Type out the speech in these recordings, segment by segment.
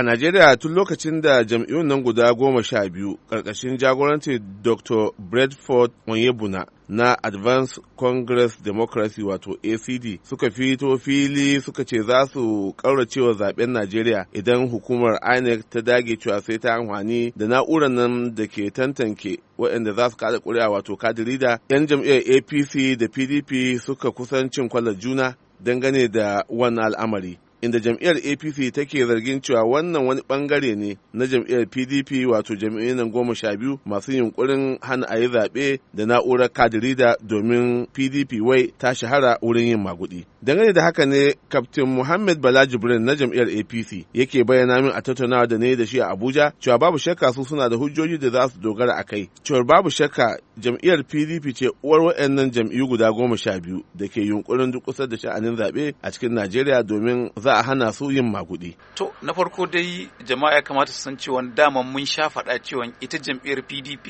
A Najeriya tun lokacin da jam'iyyun nan guda goma sha biyu ƙarƙashin jagoranci Dr. Bradford Onyebuna na Advanced Congress Democracy wato ACD suka fito fili suka ce za su ƙauracewa zaben Najeriya idan hukumar INEC ta dage cewa sai ta amfani da na'urar nan da ke tantanke waɗanda za su kada ƙuri'a wato kadirida 'yan jam'iyyar APC da PDP suka kusan cin kwalar juna dangane da wannan al'amari. inda jam'iyyar apc take zargin cewa wannan wani bangare ne na jam'iyyar pdp wato jam'iyyar goma sha biyu masu yunkurin hana a yi zaɓe da na'urar kadirida domin pdp wai ta shahara wurin yin magudi dangane da haka ne kaftin muhammad bala jibrin na jam'iyyar apc yake bayyana min a tattaunawa da ne da shi a abuja cewa babu shakka su suna da hujjoji da za su dogara a kai cewar babu shakka jam'iyyar pdp ce uwar waɗannan jam'iyyu guda goma sha biyu da ke yunkurin dukusar da sha'anin zaɓe a cikin najeriya domin za a hana su yin maguɗi. to na farko dai jama'a ya kamata su san cewa daman mun sha faɗa cewa ita jam'iyyar pdp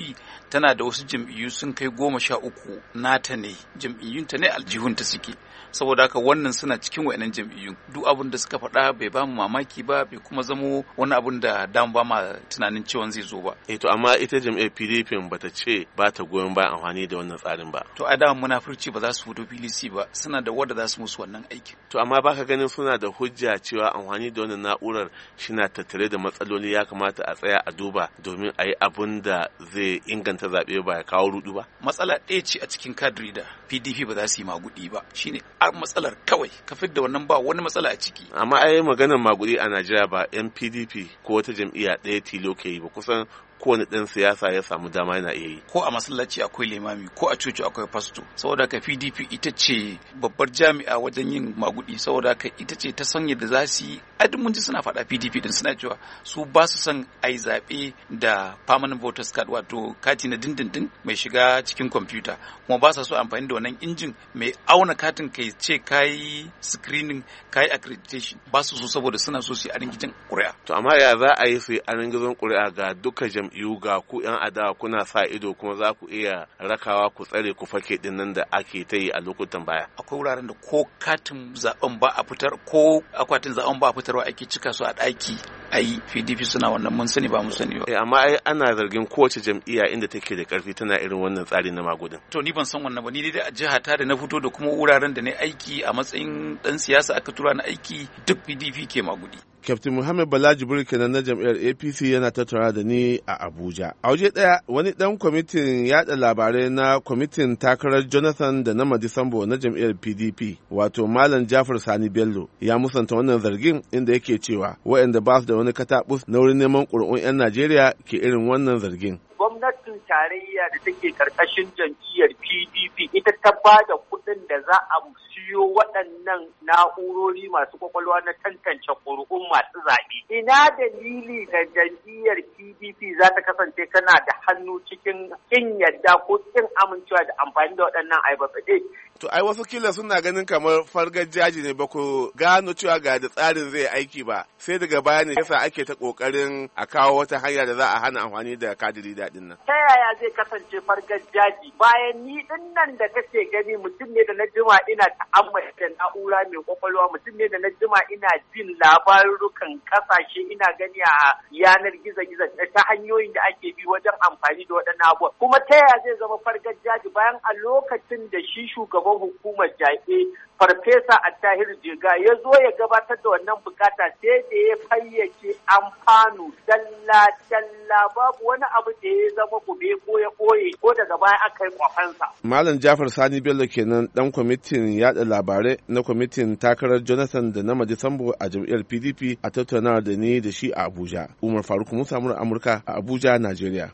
tana da wasu jam'iyyu sun kai goma sha uku nata ne jam'iyyun ta ne aljihunta suke saboda haka wannan suna cikin waɗannan jam'iyyun duk abin da suka faɗa bai ba mu mamaki ba bai kuma zamo wani abin da damu ba ma tunanin cewa zai zo ba. eh to amma ita jam'iyyar pdp bata ce bata ta goyon bayan amfani da wannan tsarin ba to a da munafurci ba za su fito PDC ba suna da wadda za su musu wannan aikin to amma baka ganin suna da hujja cewa amfani da wannan na'urar shina tattare da matsaloli ya kamata a tsaya a duba domin a yi abun da zai inganta zaɓe ba ya kawo rudu ba matsala ɗaya ce a cikin kadiri da pdp ba za su yi magudi ba shine a matsalar kawai ka da wannan ba wani matsala a ciki amma yi maganar magudi a najeriya ba yan pdp ko wata jam'iyya ɗaya tilo ke yi ba kusan kowane ɗan siyasa ya samu dama yana iya yi ko a masallaci akwai limami ko a coci akwai fasto saboda ka PDP ita ce babbar jami'a wajen yin magudi saboda ka ita ce ta sanya da za su yi mun ji suna faɗa PDP din suna cewa su ba su son ai zaɓe da permanent voters card wato kati na dindindin mai shiga cikin kwamfuta kuma ba sa so amfani da wannan injin mai auna katin kai ce kayi screening kayi accreditation ba su so saboda suna so su yi aringijin ƙuri'a. To amma ya za a yi su yi aringijin ƙuri'a ga duka jam'iyyu ga ku 'yan adawa kuna sa ido kuma za ku iya rakawa ku tsare ku fake din nan da ake ta yi a lokutan baya. Akwai wuraren da ko katin zaben ba a fitar ko akwatin zaben ba a fitar fitarwa ake cika su a ɗaki yi pdp suna wannan mun sani ba mu sani ba eh, amma ai ana zargin kowace jam'iyya inda take da karfi tana irin wannan tsari na magudin to ni ban san wannan ba ni dai a jiha ta da na fito da kuma wuraren da na aiki a matsayin dan siyasa aka tura na aiki duk pdp ke magudi Captain Muhammad Bala Jibril kenan na jam'iyyar APC yana tattara da ni a Abuja. A waje ɗaya wani ɗan kwamitin yada labarai na kwamitin takarar Jonathan da na Madisambo na jam'iyyar PDP wato Malam Jafar Sani Bello ya musanta wannan zargin inda yake cewa waɗanda ba su da wani katabus na wurin neman ƙuri'un 'yan Najeriya ke irin wannan zargin. gwamnatin tarayya da take karkashin jam'iyyar PDP ita ta ba da kuɗin da za a biyo waɗannan na'urori masu kwakwalwa na tantance ƙuri'un masu zaɓe. Ina dalili da jam'iyyar PDP za ta kasance tana da hannu cikin kin yadda ko kin amincewa da amfani da waɗannan aibatsade. To ai wasu kila suna ganin kamar fargar jaji ne ba ku gano cewa ga da tsarin zai aiki ba sai daga baya ne yasa ake ta kokarin a kawo wata hanya da za a hana amfani da kadiri daɗin nan. Ta yaya zai kasance fargar jaji bayan ni ɗin nan da kake gani mutum ne da na jima ina da na'ura mai kwakwalwa mutum ne da na jima ina jin labarukan kasashe ina gani a yanar gizo-gizo ta hanyoyin da ake bi wajen amfani da waɗannan abubuwa kuma ta yaya zai zama fargajiya jaji bayan a lokacin da shi shugaban hukumar jaɓe farfesa a tahir jega ya zo ya gabatar da wannan bukata sai da ya fayyace amfanu dalla dalla babu wani abu da ya zama gube ko ya koye ko daga baya aka yi kwafansa. malam jafar sani bello kenan dan kwamitin yada labarai na kwamitin takarar jonathan da na majisambo a jam'iyyar pdp a tattaunawa da ni da shi a abuja umar faruk musa amurka a abuja najeriya